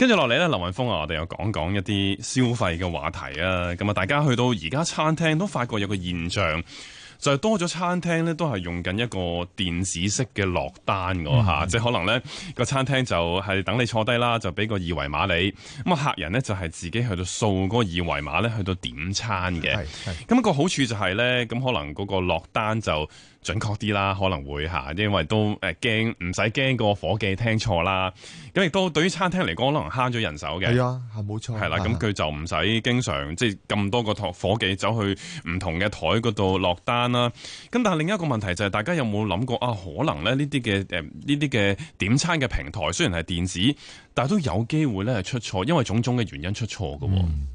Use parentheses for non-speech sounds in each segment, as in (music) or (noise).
.跟住落嚟咧，劉雲峰啊，我哋又講講一啲消費嘅話題啊。咁啊，大家去到而家餐廳都發覺有個現象，就係、是、多咗餐廳咧都係用緊一個電子式嘅落單嘅吓，嗯、即係可能咧個餐廳就係等你坐低啦，就俾個二維碼你，咁啊客人咧就係自己去到掃嗰個二維碼咧去到點餐嘅。咁個好處就係、是、咧，咁可能嗰個落單就。準確啲啦，可能會嚇，因為都誒驚，唔使驚個伙計聽錯啦。咁亦都對於餐廳嚟講，可能慳咗人手嘅。係啊，冇錯。係啦的，咁佢的就唔使經常即係咁多個台夥計走去唔同嘅台嗰度落單啦。咁但係另一個問題就係、是，大家有冇諗過啊？可能咧呢啲嘅誒呢啲嘅點餐嘅平台，雖然係電子，但係都有機會咧係出錯，因為種種嘅原因出錯㗎。嗯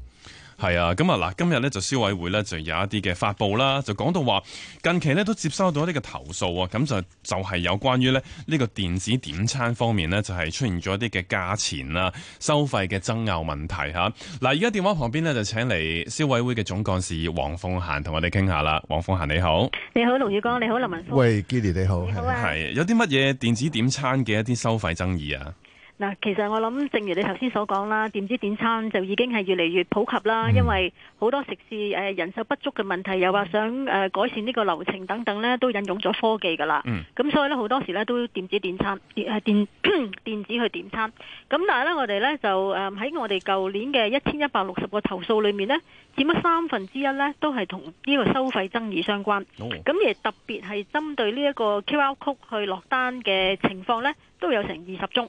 係啊，咁啊嗱，今日咧就消委會咧就有一啲嘅發布啦，就講到話近期咧都接收到一啲嘅投訴啊，咁就就係有關於咧呢個電子點餐方面咧，就係出現咗一啲嘅價錢啊、收費嘅爭拗問題嚇。嗱、啊，而家電話旁邊咧就請嚟消委會嘅總幹事黃鳳嫺同我哋傾下啦。黃鳳嫺你好，你好龍宇光，你好，林文峰，喂 Kitty 你好，你好，係、啊、有啲乜嘢電子點餐嘅一啲收費爭議啊？嗱，其實我諗，正如你頭先所講啦，電子點餐就已經係越嚟越普及啦，嗯、因為好多食肆誒、呃、人手不足嘅問題，又話想誒、呃、改善呢個流程等等呢都引用咗科技噶啦。咁、嗯嗯、所以呢，好多時呢都電子點餐，係電、呃、電、 (coughs) 電子去點餐。咁但係呢，我哋呢就誒喺、呃、我哋舊年嘅一千一百六十個投訴裏面呢佔咗三分之一呢都係同呢個收費爭議相關。咁、哦、而特別係針對呢一個 QR code 去落單嘅情況呢，都有成二十宗。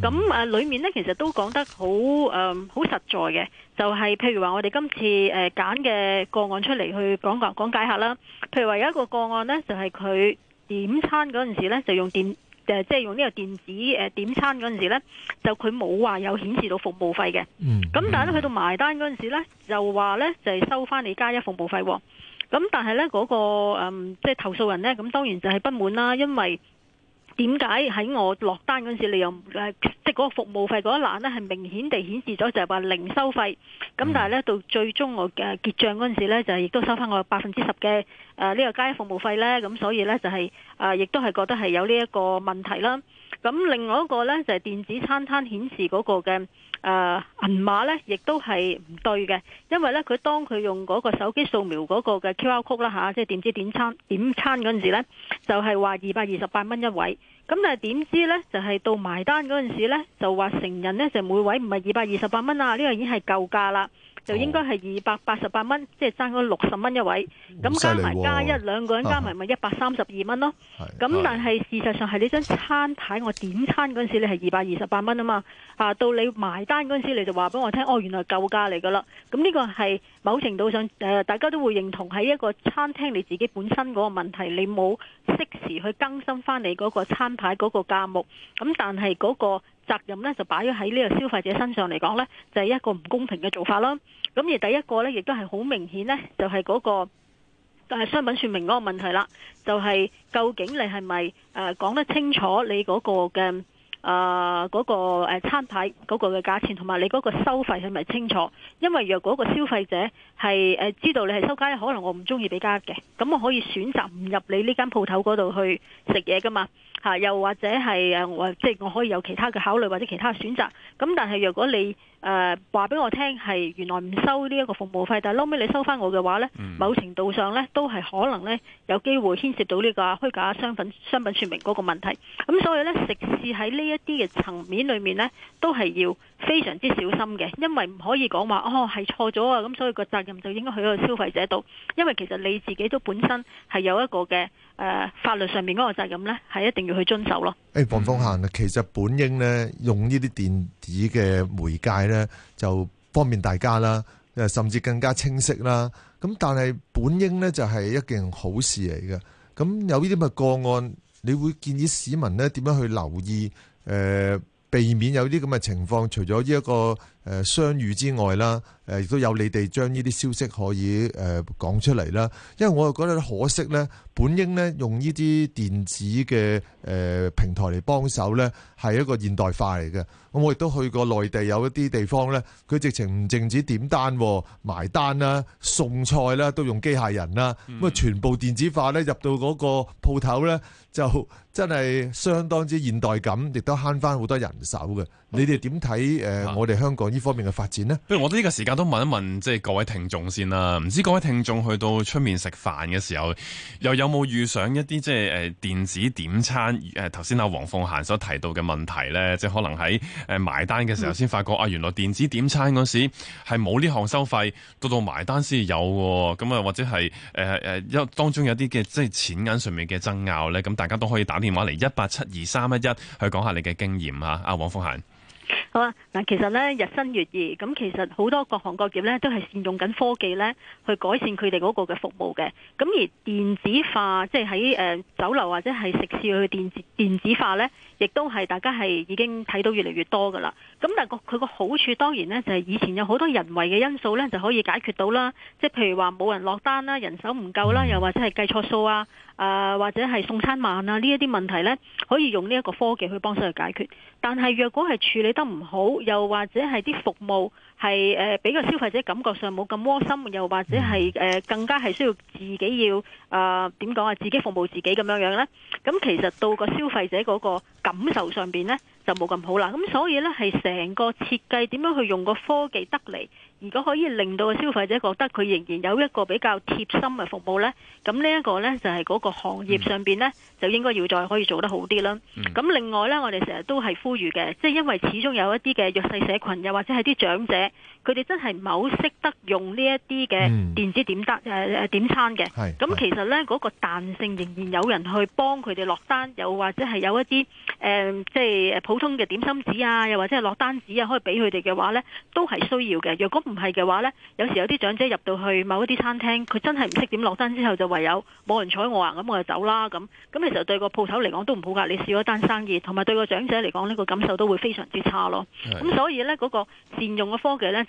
咁誒，嗯、裡面呢，其實都講得好誒，好、嗯、實在嘅，就係、是、譬如話，我哋今次誒揀嘅個案出嚟去講講解下啦。譬如話有一個個案呢，就係、是、佢點餐嗰陣時呢，就用電誒、呃，即係用呢個電子誒、呃、點餐嗰陣時呢，就佢冇話有顯示到服務費嘅。咁、嗯嗯、但係去到埋單嗰陣時呢，就話呢，就係、就是、收返你加一服務費喎。咁、嗯、但係呢，嗰、那個、嗯、即係投訴人呢，咁當然就係不滿啦，因為，點解喺我落單嗰時，你又誒，即係嗰個服務費嗰一欄呢，係明顯地顯示咗就係話零收費，咁但係呢，到最終我誒結賬嗰陣時呢，就係亦都收翻我百分之十嘅誒呢個加服務費呢。咁所以呢，就係誒亦都係覺得係有呢一個問題啦。咁另外一個呢，就係電子餐單顯示嗰個嘅誒銀碼呢，亦都係唔對嘅，因為呢，佢當佢用嗰個手機掃描嗰個嘅 QR code 啦吓，即係電子點餐點餐嗰陣時呢，就係話二百二十八蚊一位，咁但係點知呢，就係到埋單嗰陣時呢就話成人呢，就每位唔係二百二十八蚊啊，呢、呢個已經係舊價啦。就應該係二百八十八蚊，哦、即係爭嗰六十蚊一位，咁、啊、加埋加一兩個人加埋咪一百三十二蚊咯。咁、啊、但係事實上係你張餐牌，我點餐嗰陣時你係二百二十八蚊啊嘛。啊，到你埋單嗰陣時你就話俾我聽，哦，原來舊價嚟㗎啦。咁、嗯、呢、呢個係某程度上誒、呃，大家都會認同喺一個餐廳你自己本身嗰個問題，你冇適時去更新翻你嗰個餐牌嗰個價目。咁、嗯、但係嗰、嗰個。責任呢，就擺咗喺呢個消費者身上嚟講呢，就係一個唔公平嘅做法咯。咁而第一個呢，亦都係好明顯呢，就係嗰個誒商品說明嗰個問題啦。就係究竟你係咪誒講得清楚你嗰個嘅？啊，嗰、呃那個、呃、餐牌嗰個嘅價錢同埋你嗰個收費，係咪清楚？因為若果個消費者係誒、呃、知道你係收加一，可能我唔中意俾加一嘅，咁我可以選擇唔入你呢間鋪頭嗰度去食嘢噶嘛吓、啊、又或者係誒、呃、即係我可以有其他嘅考慮或者其他選擇，咁但係若果你誒話俾我聽係原來唔收呢一個服務費，但係撈尾你收翻我嘅話咧，某程度上咧都係可能咧有機會牽涉到呢個虛假商品商品說明嗰個問題。咁所以咧，食肆喺呢，一啲嘅層面裏面咧，都係要非常之小心嘅，因為唔可以講話哦係錯咗啊，咁所以個責任就應該喺個消費者度，因為其實你自己都本身係有一個嘅誒法律上面嗰個責任咧，係一定要去遵守咯。誒黃鳳嫺，其實本應咧用呢啲電子嘅媒介咧，就方便大家啦，誒甚至更加清晰啦。咁但係本應咧就係一件好事嚟嘅。咁有呢啲咁嘅個案，你會建議市民咧點樣去留意？誒、呃，避免有啲咁嘅情況，除咗呢一個。誒相遇之外啦，誒亦都有你哋將呢啲消息可以誒講出嚟啦。因為我又覺得可惜咧，本應咧用呢啲電子嘅誒平台嚟幫手咧，係一個現代化嚟嘅。咁我亦都去過內地有一啲地方咧，佢直情唔淨止點單埋單啦，送菜啦，都用機械人啦。咁啊，全部電子化咧，入到嗰個鋪頭咧，就真係相當之現代感，亦都慳翻好多人手嘅。你哋點睇誒我哋香港？呢方面嘅發展呢？不如我哋呢個時間都問一問，即係各位聽眾先啦、啊。唔知各位聽眾去到出面食飯嘅時候，又有冇遇上一啲即係誒電子點餐誒頭先阿黃鳳嫺所提到嘅問題呢，即係可能喺誒埋單嘅時候先發覺、嗯、啊，原來電子點餐嗰時係冇呢項收費，到到埋單先有嘅、啊。咁、嗯、啊，或者係誒誒，一、呃、當中有啲嘅即係錢銀上面嘅爭拗呢，咁、嗯、大家都可以打電話嚟一八七二三一一去講下你嘅經驗嚇。阿黃鳳嫺。好啊，嗱，其實咧日新月異，咁其實好多各行各業咧都係善用緊科技咧去改善佢哋嗰個嘅服務嘅，咁而電子化即係喺誒酒樓或者係食肆去電子電子化咧，亦都係大家係已經睇到越嚟越多噶啦。咁但係個佢個好處當然咧就係以前有好多人為嘅因素咧就可以解決到啦，即係譬如話冇人落單啦、人手唔夠啦、又或者係計錯數啊。啊，或者係送餐慢啊，呢一啲問題呢，可以用呢一個科技去幫手去解決。但係若果係處理得唔好，又或者係啲服務係誒俾個消費者感覺上冇咁窩心，又或者係誒更加係需要自己要誒點講啊，自己服務自己咁樣樣呢，咁其實到個消費者嗰個感受上面呢就冇咁好啦。咁所以呢係成個設計點樣去用個科技得嚟。如果可以令到消費者覺得佢仍然有一個比較貼心嘅服務呢，咁呢一個呢，就係嗰個行業上邊呢，就應該要再可以做得好啲啦。咁 (noise) 另外呢，我哋成日都係呼籲嘅，即係因為始終有一啲嘅弱勢社群，又或者係啲長者。佢哋真係唔係好識得用呢一啲嘅電子點單誒誒點餐嘅，咁其實呢，嗰個彈性仍然有人去幫佢哋落單，又或者係有一啲誒即係普通嘅點心紙啊，又或者係落單紙啊，可以俾佢哋嘅話呢，都係需要嘅。若果唔係嘅話呢，有時有啲長者入到去某一啲餐廳，佢真係唔識點落單之後，就唯有冇人睬我啊，咁我就走啦咁。咁其實對個鋪頭嚟講都唔好噶，你少咗單生意，同埋對個長者嚟講呢個感受都會非常之差咯。咁所以呢，嗰個善用嘅科技呢。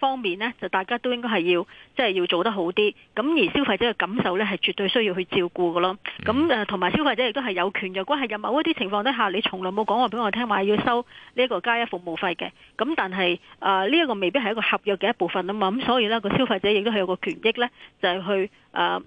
方面呢，就大家都應該係要即係、就是、要做得好啲，咁而消費者嘅感受呢，係絕對需要去照顧嘅咯。咁誒同埋消費者亦都係有權，如果係有某一啲情況底下，你從來冇講話俾我聽話要收呢一個加一服務費嘅。咁但係誒呢一個未必係一個合約嘅一部分啊嘛。咁所以呢，個消費者亦都係有個權益呢，就係、是、去，誒唔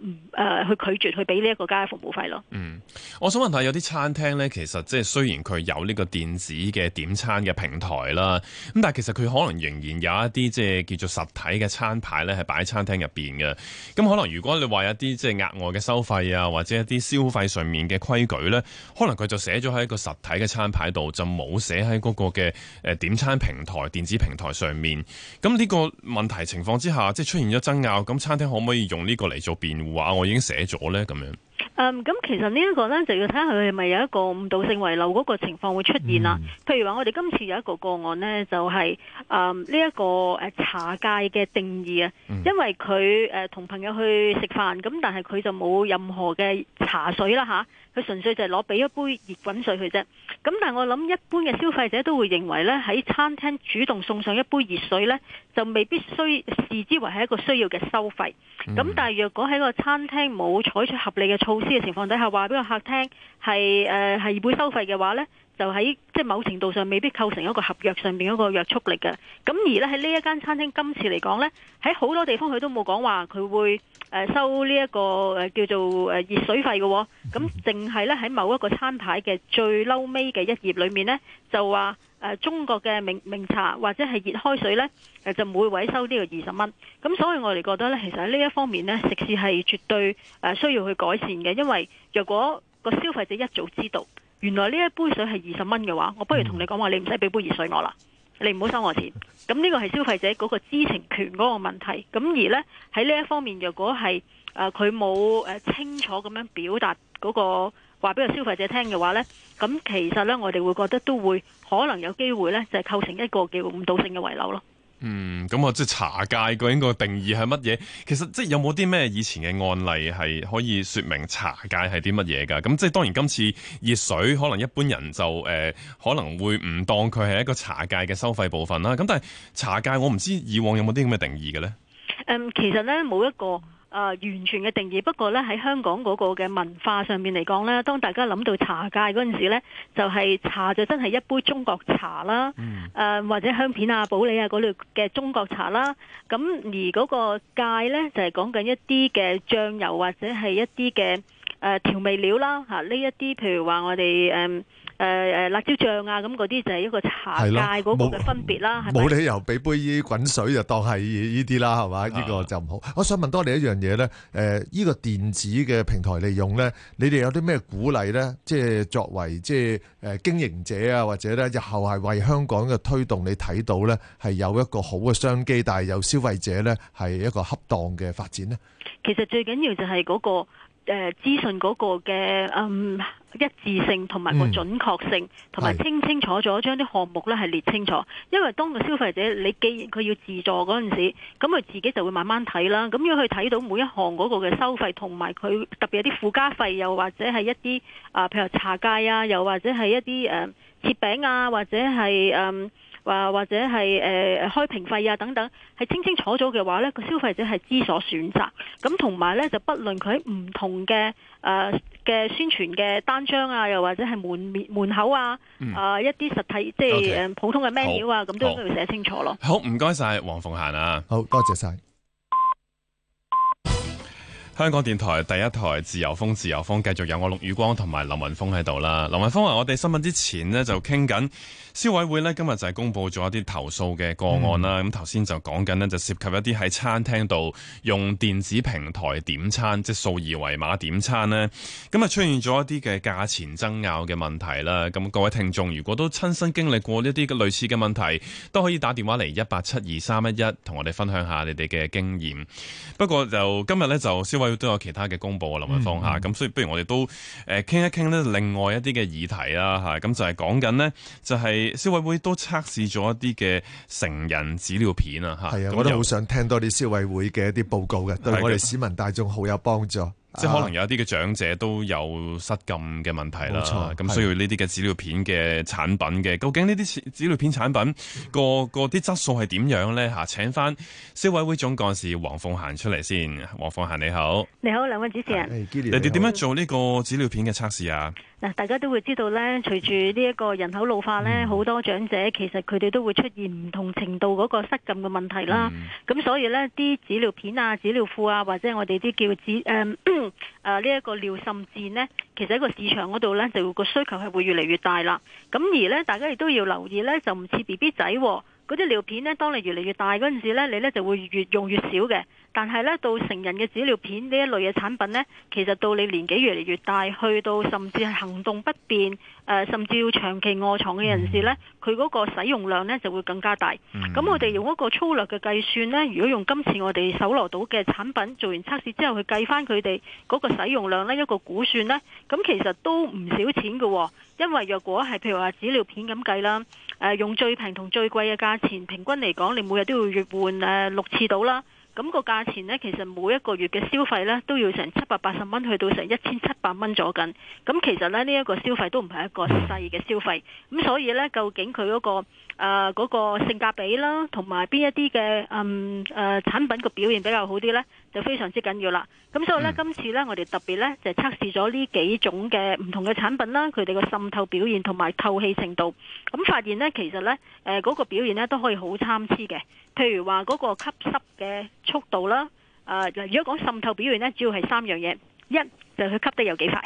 去拒絕去俾呢一個加服務費咯？嗯，我想問下有啲餐廳呢，其實即係雖然佢有呢個電子嘅點餐嘅平台啦，咁但係其實佢可能仍然有一啲即係叫做實體嘅餐牌呢，係擺喺餐廳入邊嘅。咁可能如果你話有啲即係額外嘅收費啊，或者一啲消費上面嘅規矩呢，可能佢就寫咗喺一個實體嘅餐牌度，就冇寫喺嗰個嘅誒點餐平台、電子平台上面。咁呢個問題情況之下，即係出現咗爭拗，咁餐廳可唔可以用呢個嚟做？邊話我已經寫咗咧？咁樣，嗯，咁其實呢一個咧，就要睇下佢係咪有一個誤導性遺漏嗰個情況會出現啦、啊。嗯、譬如話我哋今次有一個個案咧，就係、是，嗯，呢、這、一個誒茶芥嘅定義啊，嗯、因為佢誒同朋友去食飯，咁但係佢就冇任何嘅茶水啦，吓。佢純粹就係攞俾一杯熱滾水佢啫，咁但係我諗一般嘅消費者都會認為呢喺餐廳主動送上一杯熱水呢就未必需視之為係一個需要嘅收費。咁但係若果喺個餐廳冇採取合理嘅措施嘅情況底下，話俾個客聽係誒係會收費嘅話呢，就喺即係某程度上未必構成一個合約上面嗰個約束力嘅，咁而呢喺呢一間餐廳今次嚟講呢，喺好多地方佢都冇講話佢會誒收呢一個誒叫做誒熱水費嘅，咁淨係呢喺某一個餐牌嘅最嬲尾嘅一頁裏面呢，就話誒中國嘅明明茶或者係熱開水呢，誒就每位收呢個二十蚊，咁所以我哋覺得呢，其實喺呢一方面呢，食肆係絕對誒需要去改善嘅，因為若果個消費者一早知道，原來呢一杯水係二十蚊嘅話，我不如同你講話你唔使俾杯熱水我啦，你唔好收我錢。咁呢個係消費者嗰個知情權嗰個問題。咁而呢，喺呢一方面，若果係誒佢冇誒清楚咁樣表達嗰、嗰個話俾個消費者聽嘅話呢，咁其實呢，我哋會覺得都會可能有機會呢，就係、構成一個叫誤導性嘅遺漏咯。嗯，咁我即係茶界究竟個定義係乜嘢？其實即係有冇啲咩以前嘅案例係可以說明茶界係啲乜嘢㗎？咁即係當然今次熱水可能一般人就誒、呃、可能會唔當佢係一個茶界嘅收費部分啦。咁但係茶界我唔知以往有冇啲咁嘅定義嘅咧。誒、嗯，其實咧冇一個。啊，完全嘅定義。不過呢，喺香港嗰個嘅文化上面嚟講呢，當大家諗到茶界嗰陣時呢，就係茶就真係一杯中國茶啦。誒，或者香片啊、普洱啊嗰類嘅中國茶啦。咁而嗰個界呢，就係講緊一啲嘅醬油或者係一啲嘅誒調味料啦。嚇，呢一啲譬如話我哋誒。誒誒辣椒醬啊，咁嗰啲就係一個茶界嗰個嘅分別啦，係冇理由俾吧杯啲滾水就當係呢啲啦，係嘛？呢個就唔好。的我想問多你一樣嘢咧，誒、呃、依個電子嘅平台利用咧，你哋有啲咩鼓勵咧？即係作為即係誒、呃、經營者啊，或者咧日後係為香港嘅推動，你睇到咧係有一個好嘅商機，但係有消費者咧係一個恰當嘅發展呢。其實最緊要就係嗰個。誒、呃、資訊嗰個嘅嗯一致性同埋個準確性，同埋、嗯、清清楚楚的將啲項目咧係列清楚。因為當個消費者你既然佢要自助嗰陣時，咁佢自己就會慢慢睇啦。咁要佢睇到每一項嗰個嘅收費同埋佢特別有啲附加費，又或者係一啲啊、呃，譬如茶界啊，又或者係一啲誒、呃、切餅啊，或者係嗯。呃或或者係誒開瓶費啊等等，係清清楚楚嘅話咧，個消費者係知所選擇。咁同埋呢，就不論佢喺唔同嘅誒嘅宣傳嘅單張啊，又或者係門面門口啊，啊、嗯呃、一啲實體即係 Okay, 普通嘅 menu 啊，咁都應該寫清楚咯。好，唔該晒，黃鳳嫺啊，好多謝晒。香港電台第一台自由風，自由風繼續有我陸宇光同埋林文峰喺度啦。林文峰話、啊：我哋新聞之前咧就傾緊消委會咧今日就係公佈咗一啲投訴嘅個案啦。咁頭先就講緊咧就涉及一啲喺餐廳度用電子平台點餐，即係掃二維碼點餐咧，咁啊出現咗一啲嘅價錢爭拗嘅問題啦。咁各位聽眾如果都親身經歷過一啲嘅類似嘅問題，都可以打電話嚟一八七二三一一，同我哋分享下你哋嘅經驗。不過就今日咧就消。都有其他嘅公布。嗯嗯啊，林文峰吓，咁所以不如我哋都誒傾、呃、一傾咧，另外一啲嘅議題啦吓，咁、啊、就係講緊咧，就係消委會都測試咗一啲嘅成人紙尿片啊吓，係啊，我都好想聽多啲消委會嘅一啲報告嘅，嗯嗯對我哋市民大眾好有幫助。即係可能有一啲嘅長者都有失禁嘅問題啦，咁錯需要呢啲嘅紙尿片嘅產品嘅。的究竟呢啲紙紙尿片產品 (laughs) 個個啲質素係點樣咧？嚇，請翻消委會總幹事黃鳳嫺出嚟先。黃鳳嫺你好，你好，兩位主持人，哎、你哋點樣做呢個紙尿片嘅測試啊？嗱，大家都會知道咧，隨住呢一個人口老化咧，好、嗯、多長者其實佢哋都會出現唔同程度嗰個失禁嘅問題啦。咁所以咧，啲紙尿片啊、紙尿褲啊，或者我哋啲叫紙誒。誒，呢一、啊這個尿滲漬呢，其實喺個市場嗰度呢，就個需求係會越嚟越大啦。咁、啊、而呢，大家亦都要留意呢，就唔似 B B 仔喎、哦。嗰啲尿片呢，當你越嚟越大嗰陣時呢，你呢就會越用越少嘅。但係呢，到成人嘅紙尿片呢一類嘅產品呢，其實到你年紀越嚟越大，去到甚至係行動不便、呃，甚至要長期臥床嘅人士呢，佢嗰個使用量呢就會更加大。咁、mm hmm. 我哋用一個粗略嘅計算呢，如果用今次我哋搜羅到嘅產品做完測試之後去計翻佢哋嗰個使用量呢，一個估算呢，咁其實都唔少錢嘅、哦。因為若果係譬如話紙尿片咁計啦。誒用最平同最貴嘅價錢，平均嚟講，你每日都要換誒六次度啦。咁個價錢呢，其實每一個月嘅消費呢，都要成七百八十蚊，去到成一千七百蚊左右。咁其實呢，呢、這、一個消費都唔係一個細嘅消費。咁所以呢，究竟佢嗰、那個誒嗰、呃那個性價比啦，同埋邊一啲嘅嗯誒、呃、產品個表現比較好啲呢，就非常之緊要啦。咁所以呢，今次呢，我哋特別呢，就是、測試咗呢幾種嘅唔同嘅產品啦，佢哋個滲透表現同埋透氣程度，咁發現呢，其實呢，誒、呃、嗰、那個表現呢，都可以好參差嘅。譬如話嗰個吸濕嘅速度啦，啊、呃，如果講滲透表現呢，主要係三樣嘢，一就佢、係、吸得有幾快，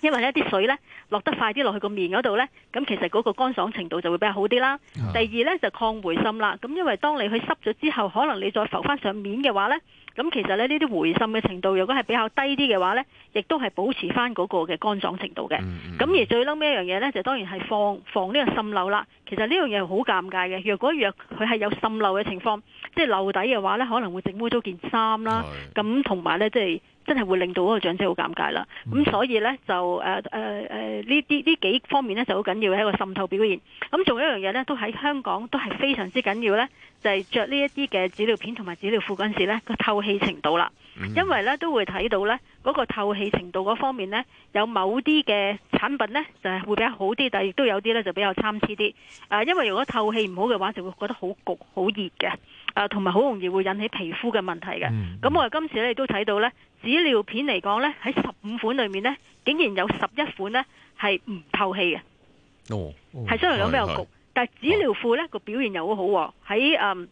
因為呢啲水呢落得快啲落去個面嗰度呢，咁其實嗰個乾爽程度就會比較好啲啦。啊、第二呢，就抗回滲啦，咁因為當你去濕咗之後，可能你再浮翻上面嘅話呢。咁其實咧，呢啲回滲嘅程度，如果係比較低啲嘅話呢，亦都係保持翻嗰個嘅乾爽程度嘅。咁、mm hmm. 而最嬲尾一樣嘢呢，就當然係防防呢個滲漏啦。其實呢樣嘢好尷尬嘅。若果若佢係有滲漏嘅情況，即係漏底嘅話呢，可能會整污糟件衫啦。咁同埋呢，即、hmm. 係真係會令到嗰個長者好尷尬啦。咁、mm hmm. 所以呢，就誒誒誒呢啲呢幾方面呢，就好緊要嘅。一個滲透表現。咁仲有一樣嘢呢，都喺香港都係非常之緊要呢。就係着呢一啲嘅紙尿片同埋紙尿褲嗰陣時咧，透呢呢嗰個透氣程度啦。因為呢都會睇到呢嗰個透氣程度嗰方面呢，有某啲嘅產品呢就係會比較好啲，但係亦都有啲呢就比較參差啲。啊、呃，因為如果透氣唔好嘅話，就會覺得好焗、好熱嘅。啊、呃，同埋好容易會引起皮膚嘅問題嘅。咁、嗯、我哋今次呢亦都睇到呢紙尿片嚟講呢，喺十五款裏面呢竟然有十一款呢係唔透氣嘅、哦。哦，係相對嚟講比較焗。但係紙尿褲呢個表現又好喎，喺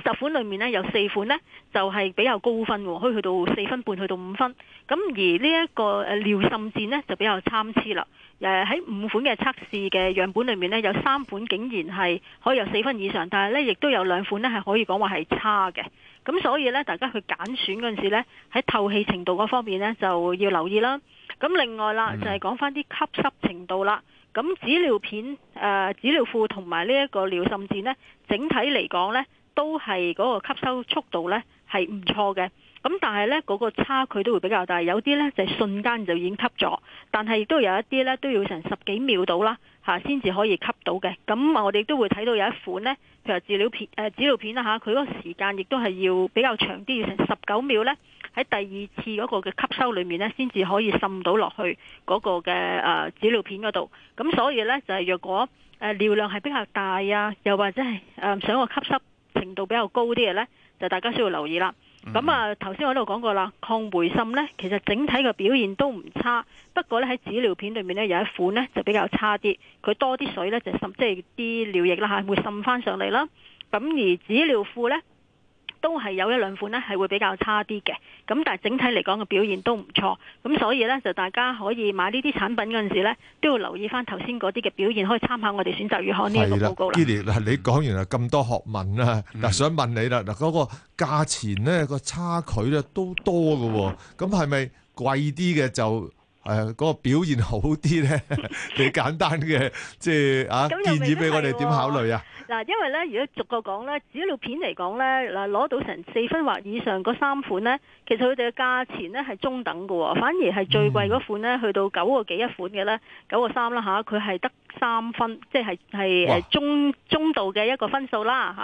十款裡面呢，有四款呢就係比較高分，可以去到四分半去到五分。咁而呢一個尿滲濺呢，就比較參差啦。誒，喺五款嘅測試嘅樣本裡面呢，有三款竟然係可以有四分以上，但係呢亦都有兩款呢係可以講話係差嘅。咁所以呢，大家去揀選嗰陣時呢喺透氣程度嗰方面呢，就要留意啦。咁另外啦就係講返啲吸濕程度啦。咁紙尿片、誒紙尿褲同埋呢一個尿滲紙呢，整體嚟講呢，都係嗰個吸收速度呢係唔錯嘅。咁但係呢，嗰個差距都會比較大，有啲呢，就係瞬間就已經吸咗，但係亦都有一啲呢，都要成十幾秒到啦，嚇先至可以吸到嘅。咁我哋都會睇到有一款咧，其實紙尿片、誒紙尿片啦嚇，佢嗰個時間亦都係要比較長啲，要成十九秒呢。喺第二次嗰個嘅吸收裏面呢，先至可以滲到落去嗰個嘅誒紙尿片嗰度。咁所以呢，就係若果誒、呃、尿量係比較大啊，又或者係誒想個吸收程度比較高啲嘅呢，就大家需要留意啦。咁、嗯、啊，頭先我都講過啦，抗回滲呢，其實整體嘅表現都唔差。不過呢，喺紙尿片裏面呢，有一款呢就比較差啲，佢多啲水呢，就滲，即係啲尿液啦嚇會滲翻上嚟啦。咁而紙尿褲呢。都係有一兩款咧，係會比較差啲嘅。咁但係整體嚟講嘅表現都唔錯。咁所以呢，就大家可以買呢啲產品嗰陣時咧，都要留意翻頭先嗰啲嘅表現，可以參考我哋選擇月刊呢一個報告啦的。你講完啊咁多學問啦，嗱、嗯，想問你啦，嗱、那個，嗰個價錢咧個差距咧都多㗎喎，咁係咪貴啲嘅就？誒嗰、呃那個表現好啲咧，幾 (laughs) 簡單嘅即係啊， (laughs) 建議俾我哋點考慮啊？嗱、 (laughs) 嗯，因為咧，如果逐個講咧，紙尿片嚟講咧，嗱攞到成四分或以上嗰三款咧，其實佢哋嘅價錢咧係中等嘅喎，反而係最貴嗰款咧，去到九個幾一款嘅咧，九個三啦嚇，佢係得三分，即係係係中中度嘅一個分數啦吓，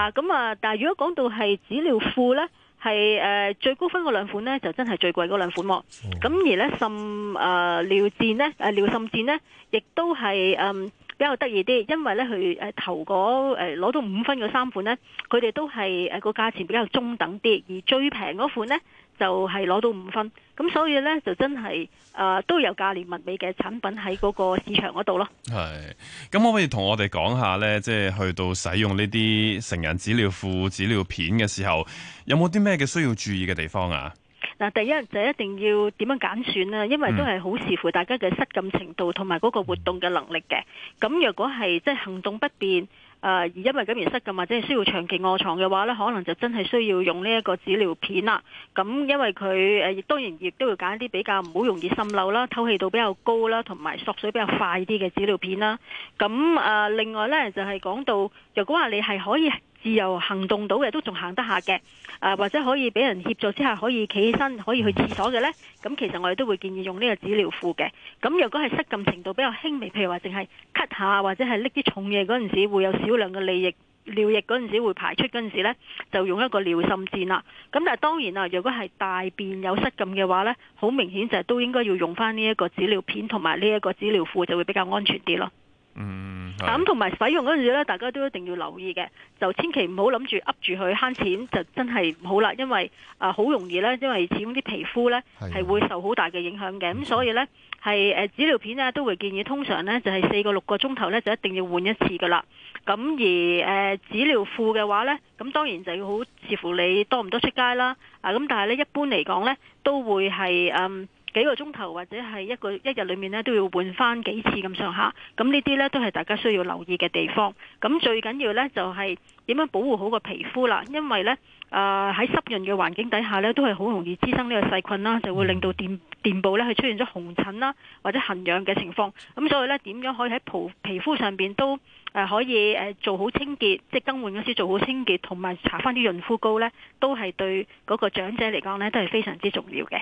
啊咁啊！但係如果講到係紙尿褲咧，係誒、呃，最高分嗰兩款呢，就真係最貴嗰兩款。咁、嗯、而呢，甚誒、呃，尿墊，咧，誒、呃，尿滲墊咧，亦都係嗯。呃比較得意啲，因為咧佢誒頭嗰誒攞到五分嘅三款咧，佢哋都係誒個價錢比較中等啲，而最平嗰款咧就係、是、攞到五分，咁所以咧就真係誒、呃、都有價廉物美嘅產品喺嗰個市場嗰度咯。係，咁可唔可以同我哋講下咧，即、就、係、是、去到使用呢啲成人紙尿褲、紙尿片嘅時候，有冇啲咩嘅需要注意嘅地方啊？嗱，第一就是、一定要點樣揀選啦，因為都係好視乎大家嘅失禁程度同埋嗰個活動嘅能力嘅。咁若果係即係行動不便，誒、呃、而因為咁而失禁或者係需要長期臥床嘅話呢，可能就真係需要用呢一個紙尿片啦。咁因為佢誒，亦、呃、當然亦都要揀一啲比較唔好容易滲漏啦、透氣度比較高啦、同埋索水比較快啲嘅紙尿片啦。咁誒、呃，另外呢，就係、是、講到，若果話你係可以自由行動到嘅都仲行得下嘅，啊或者可以俾人協助之下可以企起身可以去廁所嘅呢。咁其實我哋都會建議用呢個紙尿褲嘅。咁如果係失禁程度比較輕微，譬如話淨係咳下或者係拎啲重嘢嗰陣時，會有少量嘅尿液，尿液嗰陣時會排出嗰陣時咧，就用一個尿滲墊啦。咁但係當然啦，如果係大便有失禁嘅話呢，好明顯就係都應該要用翻呢一個紙尿片同埋呢一個紙尿褲就會比較安全啲咯。嗯，咁同埋使用嗰陣時咧，大家都一定要留意嘅，就千祈唔好諗住握住佢慳錢，就真係唔好啦，因為啊好、呃、容易咧，因為始終啲皮膚咧係會受好大嘅影響嘅，咁、嗯、所以咧係誒紙尿片咧都會建議通常咧就係、是、四個六個鐘頭咧就一定要換一次噶啦，咁、嗯、而誒紙尿褲嘅話咧，咁當然就要好視乎你多唔多出街啦，啊咁、嗯、但係咧一般嚟講咧都會係嗯。幾個鐘頭或者係一個一日裏面呢，都要換翻幾次咁上下。咁呢啲呢都係大家需要留意嘅地方。咁最緊要呢，就係、是、點樣保護好個皮膚啦，因為呢，誒、呃、喺濕潤嘅環境底下呢，都係好容易滋生呢個細菌啦，就會令到電電部呢去出現咗紅疹啦或者痕癢嘅情況。咁所以呢，點樣可以喺皮皮膚上邊都誒可以誒做好清潔，即、就、係、是、更換嗰時做好清潔，同埋搽翻啲潤膚膏呢，都係對嗰個長者嚟講呢，都係非常之重要嘅。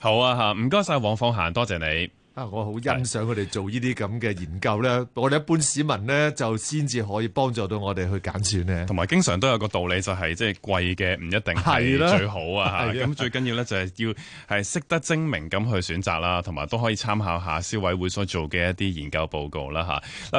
好啊吓，唔該晒黃鳳嫺，多謝你。啊，我好欣賞佢哋做呢啲咁嘅研究咧。是我哋一般市民咧就先至可以幫助到我哋去揀選咧。同埋，經常都有個道理就係，即係貴嘅唔一定係最好啊。吓、啊，咁是、嗯、最緊要咧就係要係識得精明咁去選擇啦，同埋 (laughs) 都可以參考下消委會所做嘅一啲研究報告啦。吓、啊。啊